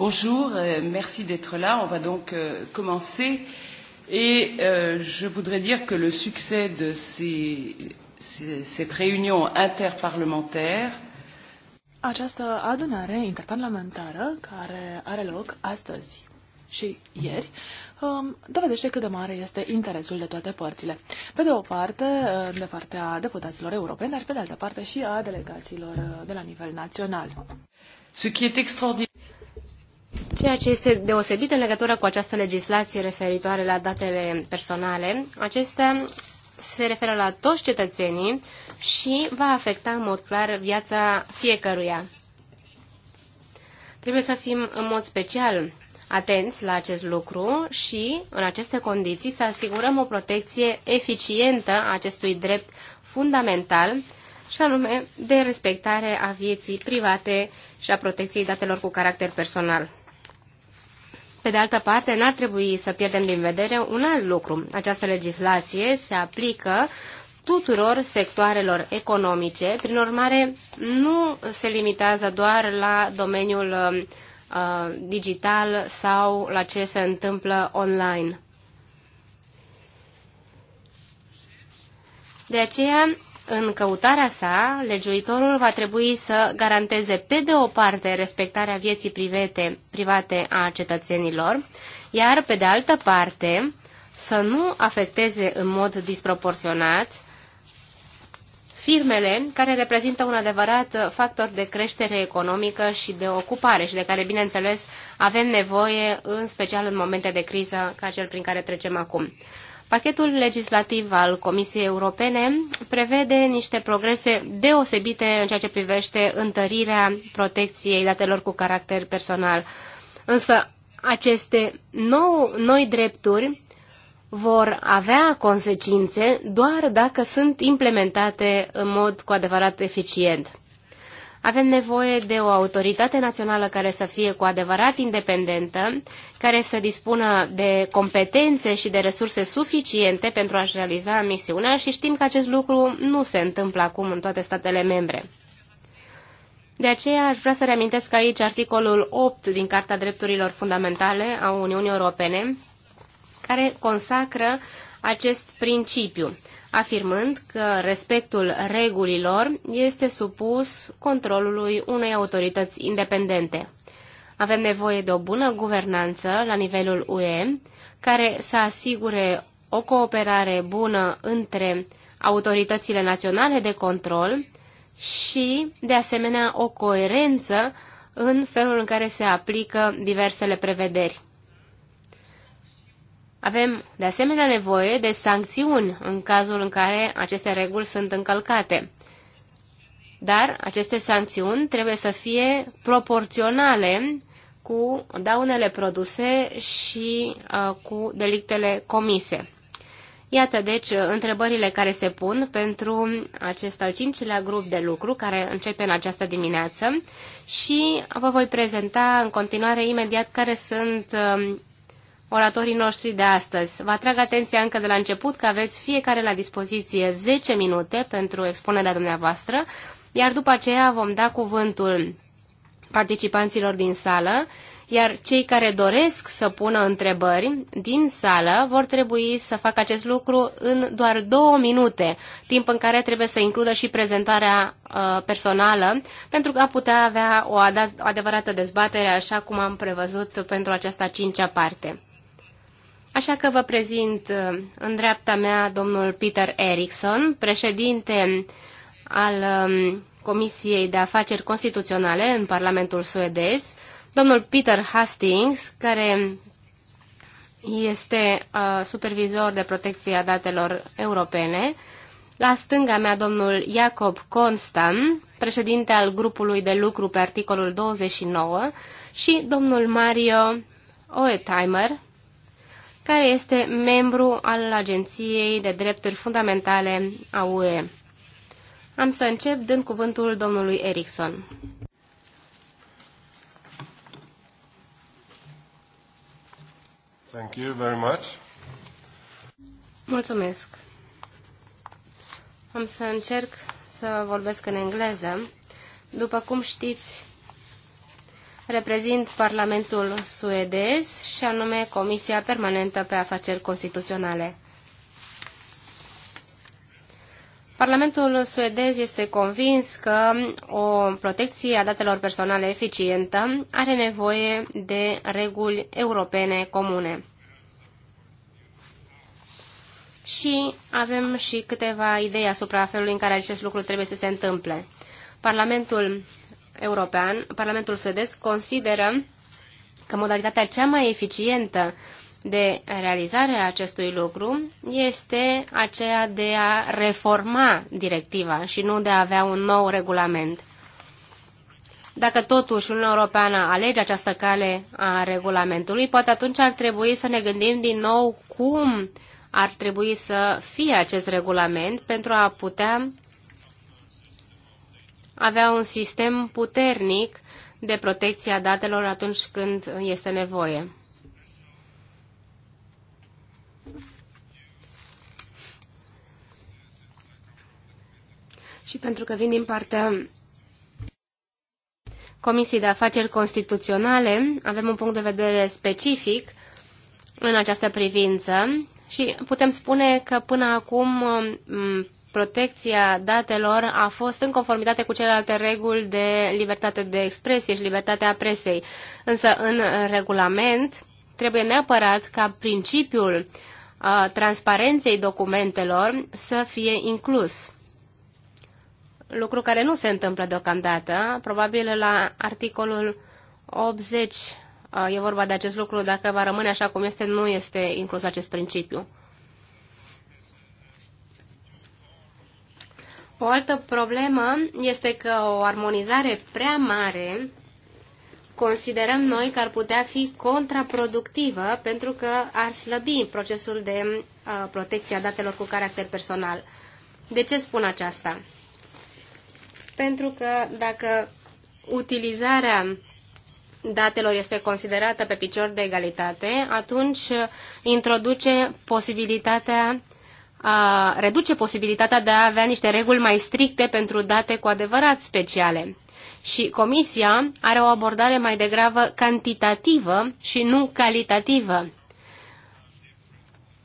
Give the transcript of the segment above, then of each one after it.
Bonjour, euh, merci d'être là. On va donc euh, commencer. Et euh, je voudrais dire que le succès de ces, ces, cette réunion interparlementaire această adunare interparlamentară care are loc astăzi și ieri um, dovedește cât de mare este interesul de toate părțile. Pe de o parte, uh, de partea deputaților europeni, dar pe de altă parte și a delegațiilor uh, de la nivel național. Ce qui est extraordinar. Ceea ce este deosebit în legătură cu această legislație referitoare la datele personale, acestea se referă la toți cetățenii și va afecta în mod clar viața fiecăruia. Trebuie să fim în mod special atenți la acest lucru și, în aceste condiții, să asigurăm o protecție eficientă a acestui drept fundamental, și anume de respectare a vieții private și a protecției datelor cu caracter personal. Pe de altă parte, n-ar trebui să pierdem din vedere un alt lucru. Această legislație se aplică tuturor sectoarelor economice, prin urmare nu se limitează doar la domeniul uh, digital sau la ce se întâmplă online. De aceea în căutarea sa, legiuitorul va trebui să garanteze pe de o parte respectarea vieții private, private a cetățenilor, iar pe de altă parte să nu afecteze în mod disproporționat firmele care reprezintă un adevărat factor de creștere economică și de ocupare și de care, bineînțeles, avem nevoie, în special în momente de criză ca cel prin care trecem acum. Pachetul legislativ al Comisiei Europene prevede niște progrese deosebite în ceea ce privește întărirea protecției datelor cu caracter personal. Însă aceste nou, noi drepturi vor avea consecințe doar dacă sunt implementate în mod cu adevărat eficient. Avem nevoie de o autoritate națională care să fie cu adevărat independentă, care să dispună de competențe și de resurse suficiente pentru a-și realiza misiunea și știm că acest lucru nu se întâmplă acum în toate statele membre. De aceea aș vrea să reamintesc aici articolul 8 din Carta Drepturilor Fundamentale a Uniunii Europene, care consacră acest principiu afirmând că respectul regulilor este supus controlului unei autorități independente. Avem nevoie de o bună guvernanță la nivelul UE, care să asigure o cooperare bună între autoritățile naționale de control și, de asemenea, o coerență în felul în care se aplică diversele prevederi. Avem de asemenea nevoie de sancțiuni în cazul în care aceste reguli sunt încălcate. Dar aceste sancțiuni trebuie să fie proporționale cu daunele produse și uh, cu delictele comise. Iată, deci, uh, întrebările care se pun pentru acest al cincilea grup de lucru care începe în această dimineață și vă voi prezenta în continuare imediat care sunt uh, oratorii noștri de astăzi. Vă atrag atenția încă de la început că aveți fiecare la dispoziție 10 minute pentru expunerea dumneavoastră, iar după aceea vom da cuvântul participanților din sală, iar cei care doresc să pună întrebări din sală vor trebui să facă acest lucru în doar două minute, timp în care trebuie să includă și prezentarea uh, personală, pentru a putea avea o adevărată dezbatere, așa cum am prevăzut pentru această cincea parte. Așa că vă prezint uh, în dreapta mea domnul Peter Erickson, președinte al um, Comisiei de Afaceri Constituționale în Parlamentul suedez, domnul Peter Hastings, care este uh, supervizor de protecție a datelor europene, la stânga mea domnul Jacob Constan, președinte al grupului de lucru pe articolul 29, și domnul Mario Oetheimer, care este membru al Agenției de Drepturi Fundamentale a UE. Am să încep dând cuvântul domnului Erickson. Thank you very much. Mulțumesc. Am să încerc să vorbesc în engleză. După cum știți, reprezint Parlamentul suedez și anume Comisia Permanentă pe Afaceri Constituționale. Parlamentul suedez este convins că o protecție a datelor personale eficientă are nevoie de reguli europene comune. Și avem și câteva idei asupra felului în care acest lucru trebuie să se întâmple. Parlamentul European, Parlamentul suedez consideră că modalitatea cea mai eficientă de realizare a acestui lucru este aceea de a reforma directiva și nu de a avea un nou regulament. Dacă totuși Uniunea Europeană alege această cale a regulamentului, poate atunci ar trebui să ne gândim din nou cum ar trebui să fie acest regulament pentru a putea avea un sistem puternic de protecție a datelor atunci când este nevoie. Și pentru că vin din partea Comisiei de Afaceri Constituționale, avem un punct de vedere specific în această privință și putem spune că până acum protecția datelor a fost în conformitate cu celelalte reguli de libertate de expresie și libertatea presei. Însă în regulament trebuie neapărat ca principiul uh, transparenței documentelor să fie inclus. Lucru care nu se întâmplă deocamdată, probabil la articolul 80 Uh, e vorba de acest lucru, dacă va rămâne așa cum este, nu este inclus acest principiu. O altă problemă este că o armonizare prea mare considerăm noi că ar putea fi contraproductivă pentru că ar slăbi procesul de uh, protecție a datelor cu caracter personal. De ce spun aceasta? Pentru că dacă utilizarea datelor este considerată pe picior de egalitate, atunci introduce posibilitatea a, reduce posibilitatea de a avea niște reguli mai stricte pentru date cu adevărat speciale. Și Comisia are o abordare mai degrabă cantitativă și nu calitativă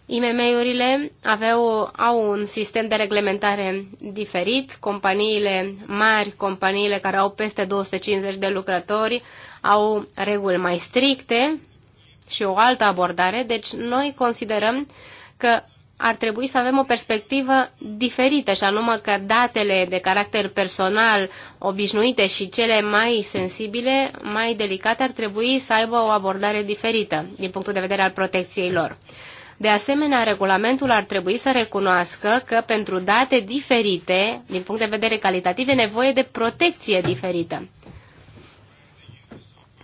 IMM-urile aveau, au un sistem de reglementare diferit. Companiile mari, companiile care au peste 250 de lucrători, au reguli mai stricte și o altă abordare. Deci noi considerăm că ar trebui să avem o perspectivă diferită, și anume că datele de caracter personal obișnuite și cele mai sensibile, mai delicate, ar trebui să aibă o abordare diferită din punctul de vedere al protecției lor. De asemenea, regulamentul ar trebui să recunoască că pentru date diferite, din punct de vedere calitativ, e nevoie de protecție diferită.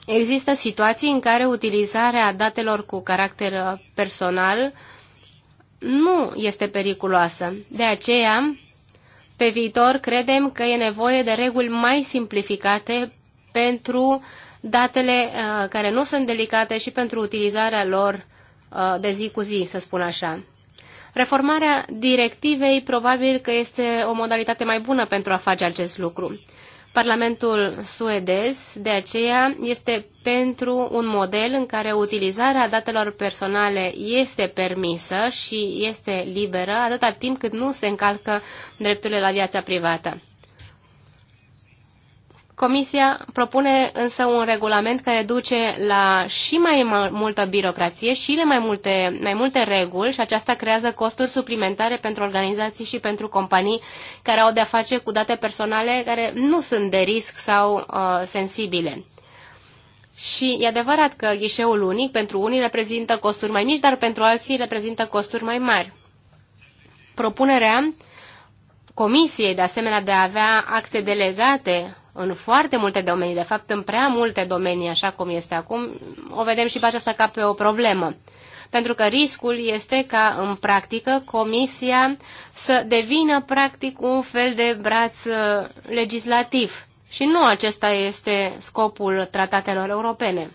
Există situații în care utilizarea datelor cu caracter uh, personal nu este periculoasă. De aceea, pe viitor, credem că e nevoie de reguli mai simplificate pentru datele uh, care nu sunt delicate și pentru utilizarea lor Uh, de zi cu zi, să spun așa. Reformarea directivei probabil că este o modalitate mai bună pentru a face acest lucru. Parlamentul suedez, de aceea, este pentru un model în care utilizarea datelor personale este permisă și este liberă atâta timp cât nu se încalcă drepturile la viața privată. Comisia propune însă un regulament care duce la și mai multă birocrație și le mai multe, mai multe reguli și aceasta creează costuri suplimentare pentru organizații și pentru companii care au de-a face cu date personale care nu sunt de risc sau uh, sensibile. Și e adevărat că ghișeul unic pentru unii reprezintă costuri mai mici, dar pentru alții reprezintă costuri mai mari. Propunerea uh, Comisiei, de asemenea, de a avea acte delegate în foarte multe domenii, de fapt în prea multe domenii, așa cum este acum, o vedem și pe aceasta ca pe o problemă. Pentru că riscul este ca, în practică, Comisia să devină, practic, un fel de braț uh, legislativ. Și nu acesta este scopul tratatelor europene.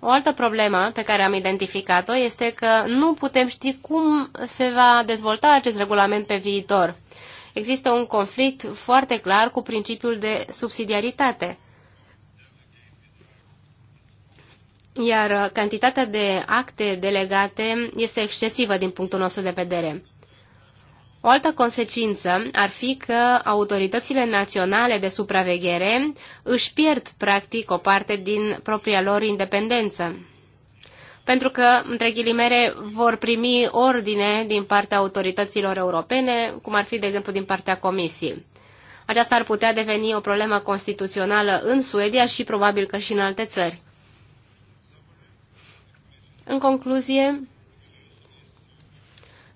O altă problemă pe care am identificat-o este că nu putem ști cum se va dezvolta acest regulament pe viitor. Există un conflict foarte clar cu principiul de subsidiaritate. Iar cantitatea de acte delegate este excesivă din punctul nostru de vedere. O altă consecință ar fi că autoritățile naționale de supraveghere își pierd practic o parte din propria lor independență. Pentru că, între ghilimere, vor primi ordine din partea autorităților europene, cum ar fi, de exemplu, din partea Comisiei. Aceasta ar putea deveni o problemă constituțională în Suedia și probabil că și în alte țări. În concluzie,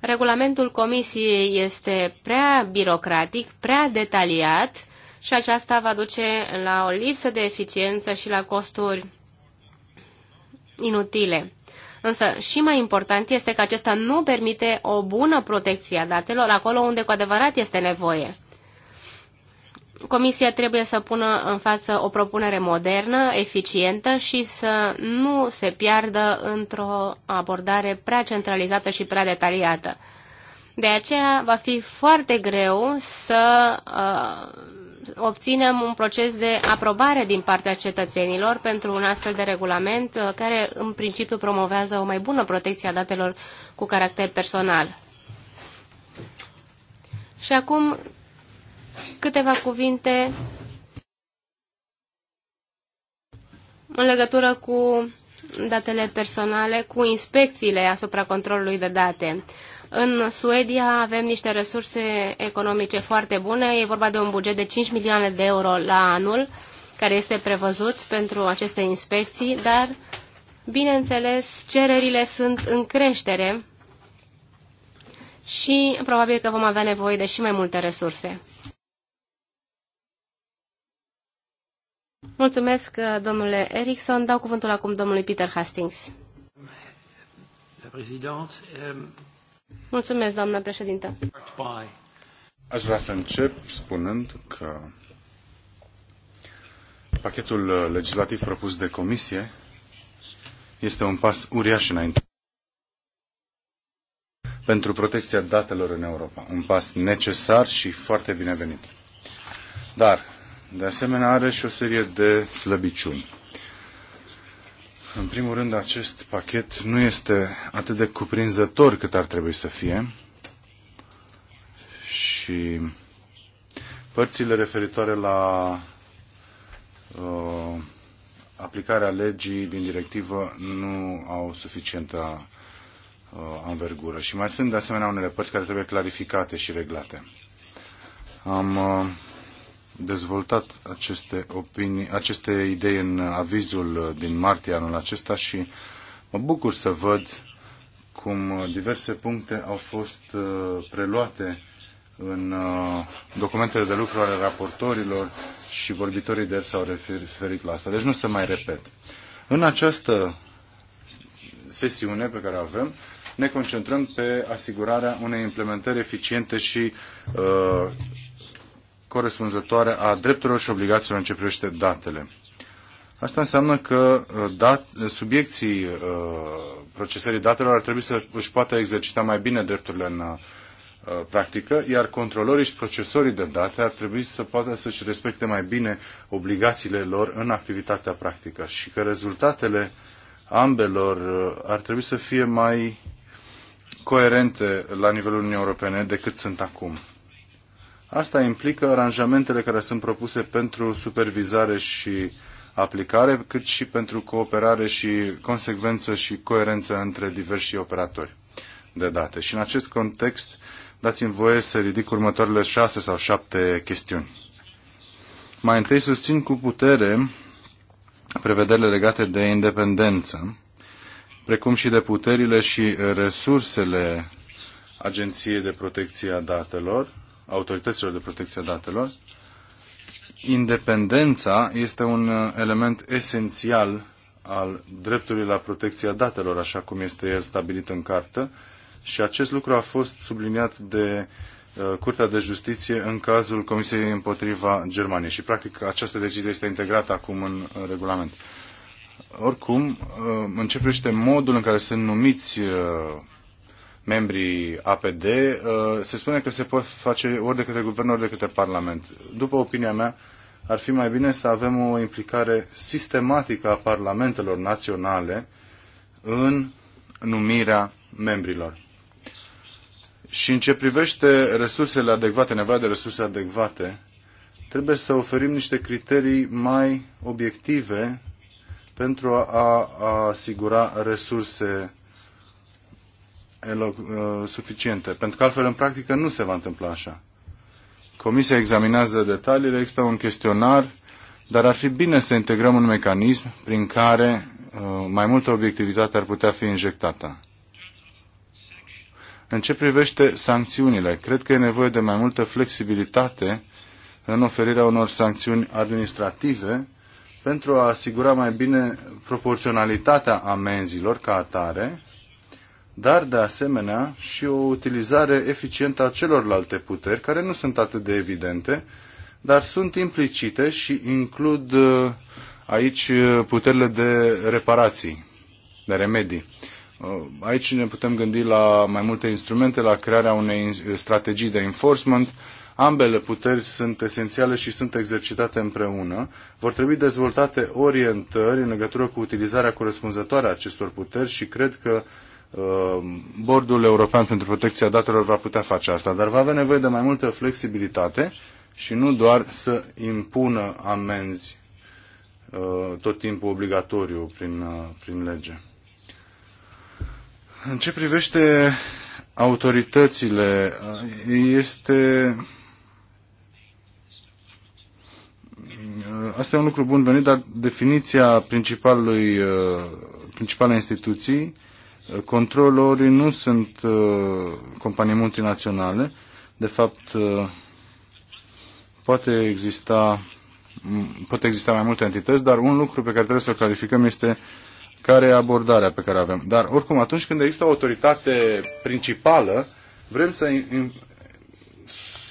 Regulamentul Comisiei este prea birocratic, prea detaliat și aceasta va duce la o lipsă de eficiență și la costuri inutile. Însă și mai important este că acesta nu permite o bună protecție a datelor acolo unde cu adevărat este nevoie. Comisia trebuie să pună în față o propunere modernă, eficientă și să nu se piardă într-o abordare prea centralizată și prea detaliată. De aceea va fi foarte greu să uh, obținem un proces de aprobare din partea cetățenilor pentru un astfel de regulament uh, care în principiu promovează o mai bună protecție a datelor cu caracter personal. Și acum câteva cuvinte în legătură cu datele personale, cu inspecțiile asupra controlului de date. În Suedia avem niște resurse economice foarte bune. E vorba de un buget de 5 milioane de euro la anul, care este prevăzut pentru aceste inspecții, dar, bineînțeles, cererile sunt în creștere și probabil că vom avea nevoie de și mai multe resurse. Mulțumesc, uh, domnule Erickson. Dau cuvântul acum domnului Peter Hastings. Um, Mulțumesc, doamnă președintă. Aș vrea să încep spunând că pachetul uh, legislativ propus de comisie este un pas uriaș înainte pentru protecția datelor în Europa. Un pas necesar și foarte binevenit. Dar de asemenea, are și o serie de slăbiciuni. În primul rând, acest pachet nu este atât de cuprinzător cât ar trebui să fie și părțile referitoare la uh, aplicarea legii din directivă nu au suficientă uh, anvergură și mai sunt de asemenea unele părți care trebuie clarificate și reglate. Am uh, dezvoltat aceste, opinii, aceste idei în avizul din martie anul acesta și mă bucur să văd cum diverse puncte au fost uh, preluate în uh, documentele de lucru ale raportorilor și vorbitorii de el s-au referit la asta. Deci nu se mai repet. În această sesiune pe care o avem, ne concentrăm pe asigurarea unei implementări eficiente și uh, corespunzătoare a drepturilor și obligațiilor în ce privește datele. Asta înseamnă că uh, dat, subiecții uh, procesării datelor ar trebui să își poată exercita mai bine drepturile în uh, practică, iar controlorii și procesorii de date ar trebui să poată să-și respecte mai bine obligațiile lor în activitatea practică și că rezultatele ambelor uh, ar trebui să fie mai coerente la nivelul Uniunii Europene decât sunt acum. Asta implică aranjamentele care sunt propuse pentru supervizare și aplicare, cât și pentru cooperare și consecvență și coerență între diversi operatori de date. Și în acest context, dați-mi voie să ridic următoarele șase sau șapte chestiuni. Mai întâi susțin cu putere prevederile legate de independență, precum și de puterile și resursele Agenției de Protecție a Datelor, autorităților de protecție a datelor, independența este un element esențial al dreptului la protecția datelor, așa cum este el stabilit în cartă, și acest lucru a fost subliniat de uh, Curtea de Justiție în cazul Comisiei împotriva Germaniei și practic această decizie este integrată acum în regulament. Oricum, uh, începește modul în care sunt numiți uh, membrii APD, uh, se spune că se pot face ori de către guvern, ori de către Parlament. După opinia mea, ar fi mai bine să avem o implicare sistematică a parlamentelor naționale în numirea membrilor. Și în ce privește resursele adecvate, nevoia de resurse adecvate, trebuie să oferim niște criterii mai obiective pentru a, a asigura resurse Uh, suficiente, pentru că altfel în practică nu se va întâmpla așa. Comisia examinează detaliile, există un chestionar, dar ar fi bine să integrăm un mecanism prin care uh, mai multă obiectivitate ar putea fi injectată. În ce privește sancțiunile, cred că e nevoie de mai multă flexibilitate în oferirea unor sancțiuni administrative pentru a asigura mai bine proporționalitatea amenzilor ca atare dar de asemenea și o utilizare eficientă a celorlalte puteri, care nu sunt atât de evidente, dar sunt implicite și includ uh, aici uh, puterile de reparații, de remedii. Uh, aici ne putem gândi la mai multe instrumente, la crearea unei strategii de enforcement. Ambele puteri sunt esențiale și sunt exercitate împreună. Vor trebui dezvoltate orientări în legătură cu utilizarea corespunzătoare a acestor puteri și cred că uh, Uh, Bordul European pentru Protecția Datelor va putea face asta, dar va avea nevoie de mai multă flexibilitate și nu doar să impună amenzi uh, tot timpul obligatoriu prin, uh, prin lege. În ce privește autoritățile, este asta e un lucru bun venit, dar definiția principalului, principalei instituții Controlorii nu sunt uh, companii multinaționale. De fapt, uh, poate exista, pot exista mai multe entități, dar un lucru pe care trebuie să-l clarificăm este care e abordarea pe care avem. Dar oricum, atunci când există o autoritate principală, vrem să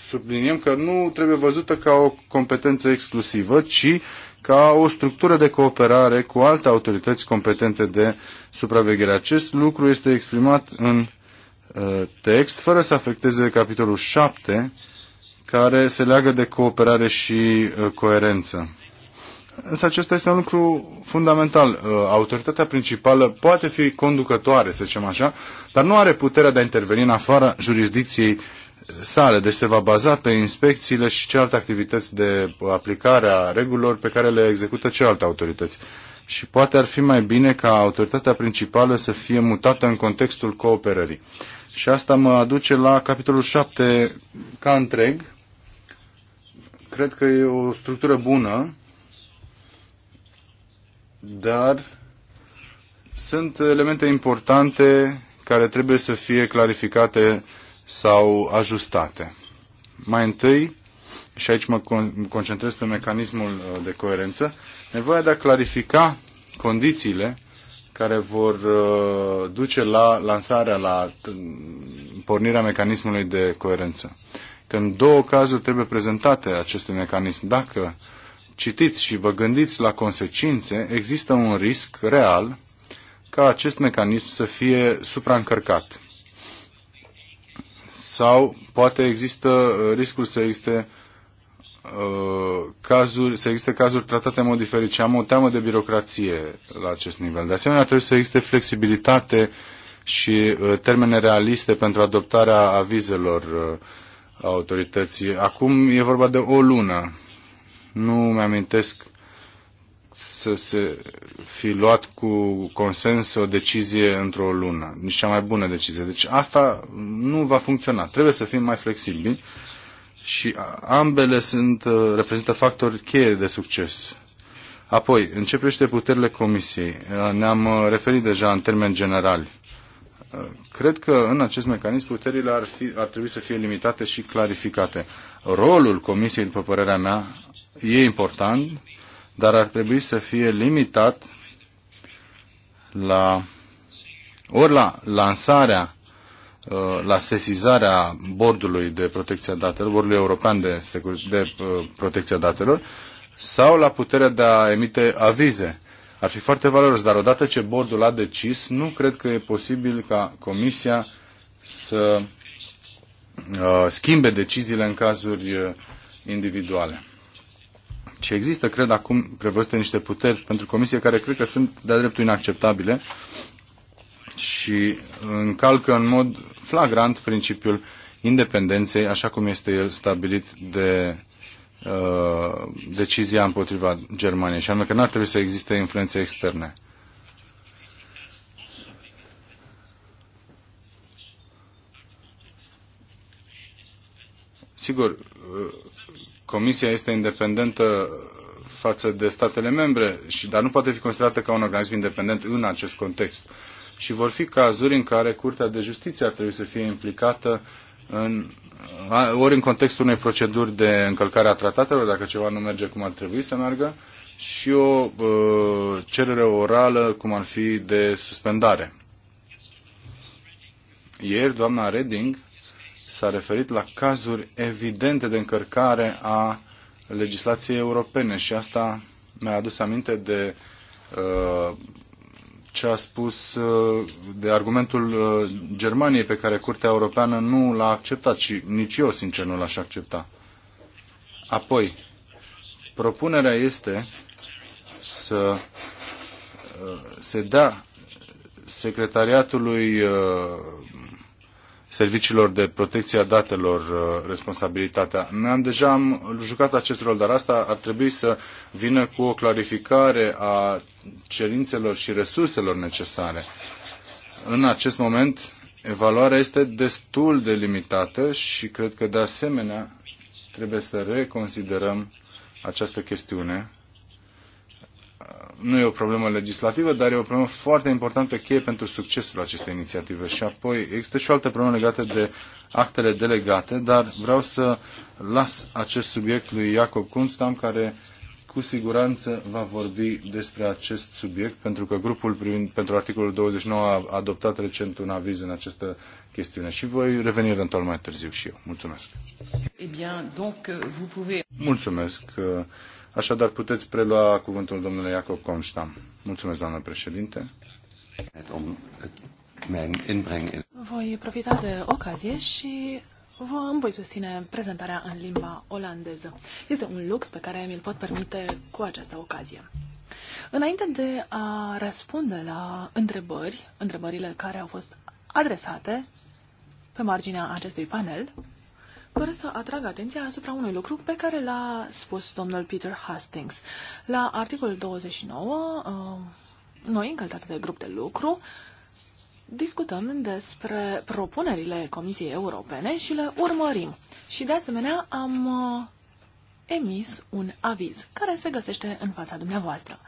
subliniem că nu trebuie văzută ca o competență exclusivă, ci ca o structură de cooperare cu alte autorități competente de supraveghere. Acest lucru este exprimat în uh, text, fără să afecteze capitolul 7, care se leagă de cooperare și uh, coerență. Însă acesta este un lucru fundamental. Uh, autoritatea principală poate fi conducătoare, să zicem așa, dar nu are puterea de a interveni în afara jurisdicției sale. Deci se va baza pe inspecțiile și celelalte activități de aplicare a regulilor pe care le execută celelalte autorități. Și poate ar fi mai bine ca autoritatea principală să fie mutată în contextul cooperării. Și asta mă aduce la capitolul 7 ca întreg. Cred că e o structură bună, dar sunt elemente importante care trebuie să fie clarificate sau ajustate. Mai întâi, și aici mă concentrez pe mecanismul uh, de coerență, nevoia de a clarifica condițiile care vor uh, duce la lansarea, la mm, pornirea mecanismului de coerență. Când două cazuri trebuie prezentate acestui mecanism. Dacă citiți și vă gândiți la consecințe, există un risc real ca acest mecanism să fie supraîncărcat sau poate există uh, riscul să existe uh, cazuri, să existe cazuri tratate în mod diferit și am o teamă de birocrație la acest nivel. De asemenea, trebuie să existe flexibilitate și uh, termene realiste pentru adoptarea avizelor autorității. Acum e vorba de o lună. Nu mi-amintesc să se fi luat cu consens o decizie într-o lună, nici cea mai bună decizie. Deci asta nu va funcționa. Trebuie să fim mai flexibili și ambele sunt, uh, reprezintă factori cheie de succes. Apoi, începește puterile comisiei. Uh, ne-am uh, referit deja în termeni generali. Cred că în acest mecanism puterile ar, fi, ar trebui să fie limitate și clarificate. Rolul comisiei, după părerea mea, e important, dar ar trebui să fie limitat la ori la lansarea, uh, la sesizarea bordului de protecție a datelor, bordului european de, secur- de uh, protecție a datelor, sau la puterea de a emite avize. Ar fi foarte valoros, dar odată ce bordul a decis, nu cred că e posibil ca Comisia să uh, schimbe deciziile în cazuri individuale. Și există, cred, acum prevăzute niște puteri pentru comisie care cred că sunt de-a dreptul inacceptabile și încalcă în mod flagrant principiul independenței, așa cum este el stabilit de uh, decizia împotriva Germaniei, și anume că nu ar trebui să existe influențe externe. Sigur, uh, Comisia este independentă față de statele membre, și, dar nu poate fi considerată ca un organism independent în acest context. Și vor fi cazuri în care Curtea de Justiție ar trebui să fie implicată în, ori în contextul unei proceduri de încălcare a tratatelor, dacă ceva nu merge cum ar trebui să meargă, și o uh, cerere orală, cum ar fi de suspendare. Ieri, doamna Reding s-a referit la cazuri evidente de încărcare a legislației europene și asta mi-a adus aminte de uh, ce a spus uh, de argumentul uh, Germaniei pe care Curtea Europeană nu l-a acceptat și nici eu, sincer, nu l-aș accepta. Apoi, propunerea este să se dea secretariatului serviciilor de protecție a datelor uh, responsabilitatea. Ne-am deja am jucat acest rol, dar asta ar trebui să vină cu o clarificare a cerințelor și resurselor necesare. În acest moment, evaluarea este destul de limitată și cred că de asemenea trebuie să reconsiderăm această chestiune nu e o problemă legislativă, dar e o problemă foarte importantă cheie pentru succesul acestei inițiative. Și apoi există și o altă problemă legată de actele delegate, dar vreau să las acest subiect lui Iacob Kunstam, care cu siguranță va vorbi despre acest subiect, pentru că grupul privind, pentru articolul 29 a adoptat recent un aviz în această chestiune și voi reveni eventual mai târziu și eu. Mulțumesc. Eh Mulțumesc. Așadar, puteți prelua cuvântul domnule Iacob Comștam. Mulțumesc, doamnă președinte. Voi profita de ocazie și vă voi susține prezentarea în limba olandeză. Este un lux pe care mi-l pot permite cu această ocazie. Înainte de a răspunde la întrebări, întrebările care au fost adresate pe marginea acestui panel, fără să atrag atenția asupra unui lucru pe care l-a spus domnul Peter Hastings. La articolul 29, uh, noi, în calitate de grup de lucru, discutăm despre propunerile Comisiei Europene și le urmărim. Și, de asemenea, am uh, emis un aviz care se găsește în fața dumneavoastră.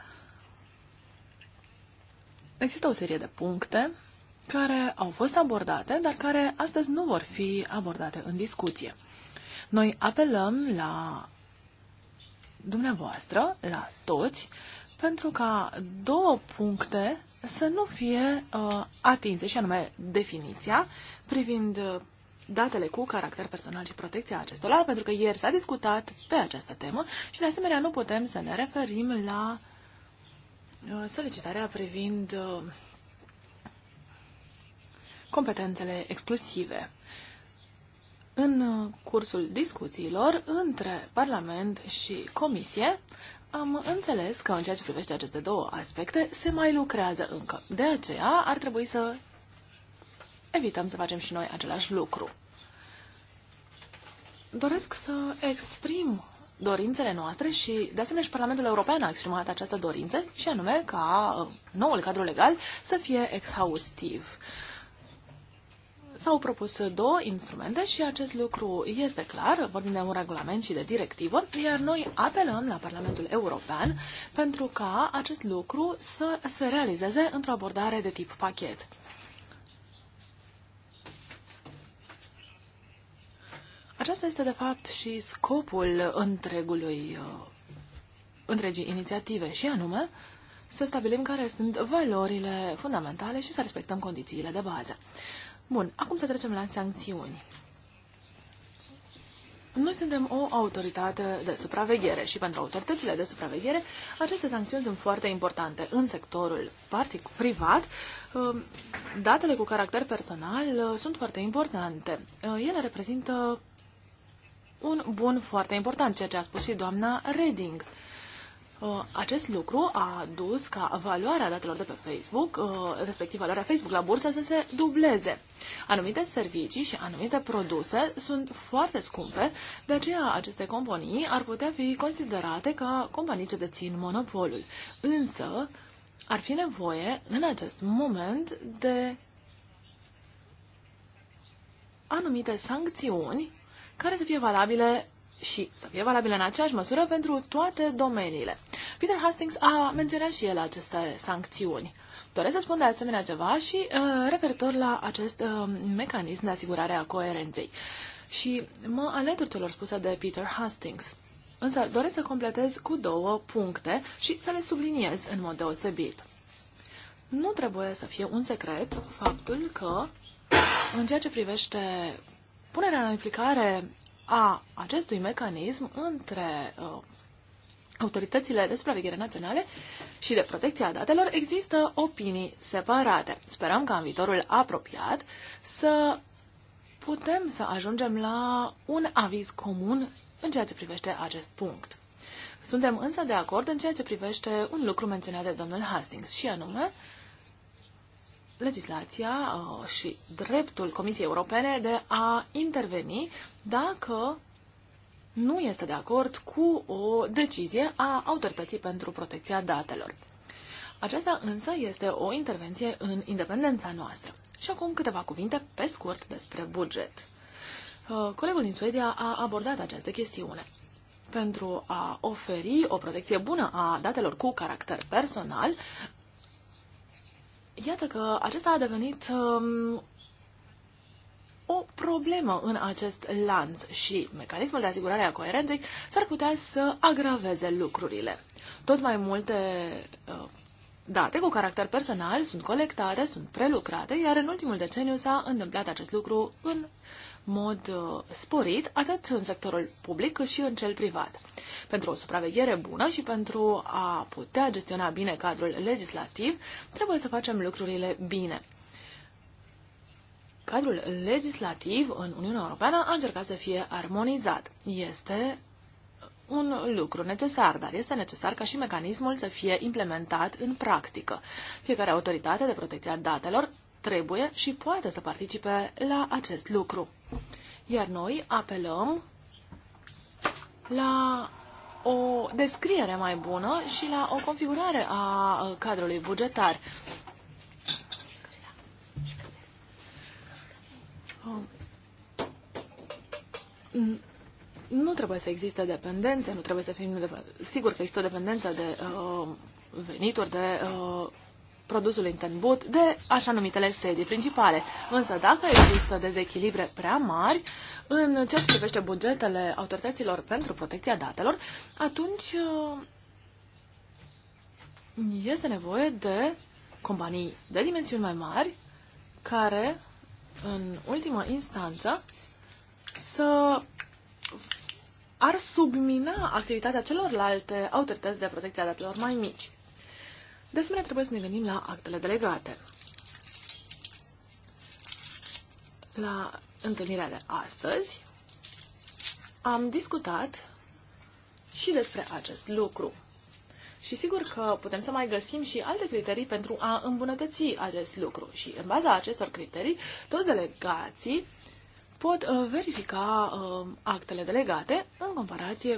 Există o serie de puncte care au fost abordate, dar care astăzi nu vor fi abordate în discuție. Noi apelăm la dumneavoastră, la toți, pentru ca două puncte să nu fie uh, atinse, și anume definiția privind uh, datele cu caracter personal și protecția acestora, pentru că ieri s-a discutat pe această temă și de asemenea nu putem să ne referim la uh, solicitarea privind uh, competențele exclusive. În cursul discuțiilor între Parlament și Comisie, am înțeles că în ceea ce privește aceste două aspecte se mai lucrează încă. De aceea ar trebui să evităm să facem și noi același lucru. Doresc să exprim dorințele noastre și, de asemenea, și Parlamentul European a exprimat această dorință, și anume ca uh, noul cadru legal să fie exhaustiv. Uh, S-au propus două instrumente și acest lucru este clar, vorbim de un regulament și de directivă, iar noi apelăm la Parlamentul European pentru ca acest lucru să se realizeze într-o abordare de tip pachet. Aceasta este, de fapt, și scopul întregului, uh, întregii inițiative, și anume să stabilim care sunt valorile fundamentale și să respectăm condițiile de bază. Bun, acum să trecem la sancțiuni. Noi suntem o autoritate de supraveghere și pentru autoritățile de supraveghere aceste sancțiuni sunt foarte importante. În sectorul partic privat, ehm, datele cu caracter personal eh, sunt foarte importante. Eh, ele reprezintă un bun foarte important, ceea ce a spus și doamna Reding. Uh, acest lucru a dus ca valoarea datelor de pe Facebook, uh, respectiv valoarea Facebook la bursă, să se dubleze. Anumite servicii și anumite produse sunt foarte scumpe, de aceea aceste companii ar putea fi considerate ca companii ce dețin monopolul. Însă, ar fi nevoie în acest moment de anumite sancțiuni care să fie valabile și să fie valabile în aceeași măsură pentru toate domeniile. Peter Hastings a menționat și el aceste sancțiuni. Doresc să spun de asemenea ceva și uh, referitor la acest uh, mecanism de asigurare a coerenței. Și mă alătur celor spuse de Peter Hastings. Însă doresc să completez cu două puncte și să le subliniez în mod deosebit. Nu trebuie să fie un secret faptul că, în ceea ce privește punerea în aplicare a acestui mecanism între uh, autoritățile de supraveghere naționale și de protecție a datelor există opinii separate. Sperăm ca în viitorul apropiat să putem să ajungem la un aviz comun în ceea ce privește acest punct. Suntem însă de acord în ceea ce privește un lucru menționat de domnul Hastings și anume legislația uh, și dreptul Comisiei Europene de a interveni dacă nu este de acord cu o decizie a Autorității pentru Protecția Datelor. Aceasta însă este o intervenție în independența noastră. Și acum câteva cuvinte pe scurt despre buget. Uh, colegul din Suedia a abordat această chestiune. Pentru a oferi o protecție bună a datelor cu caracter personal, Iată că acesta a devenit um, o problemă în acest lanț și mecanismul de asigurare a coerenței s-ar putea să agraveze lucrurile. Tot mai multe uh, date cu caracter personal sunt colectate, sunt prelucrate, iar în ultimul deceniu s-a întâmplat acest lucru în mod uh, sporit, atât în sectorul public cât și în cel privat. Pentru o supraveghere bună și pentru a putea gestiona bine cadrul legislativ, trebuie să facem lucrurile bine. Cadrul legislativ în Uniunea Europeană a încercat să fie armonizat. Este un lucru necesar, dar este necesar ca și mecanismul să fie implementat în practică. Fiecare autoritate de protecție a datelor trebuie și poate să participe la acest lucru. Iar noi apelăm la o descriere mai bună și la o configurare a cadrului bugetar. Nu trebuie să existe dependențe, nu trebuie să fim... Sigur că există o dependență de uh, venituri, de uh, produsul intern but de așa numitele sedii principale. Însă dacă există dezechilibre prea mari în ceea ce privește bugetele autorităților pentru protecția datelor, atunci uh, este nevoie de companii de dimensiuni mai mari care, în ultimă instanță, să ar submina activitatea celorlalte autorități de protecție a datelor mai mici. De asemenea, trebuie să ne gândim la actele delegate. La întâlnirea de astăzi am discutat și despre acest lucru. Și sigur că putem să mai găsim și alte criterii pentru a îmbunătăți acest lucru. Și în baza acestor criterii, toți delegații pot uh, verifica uh, actele delegate în comparație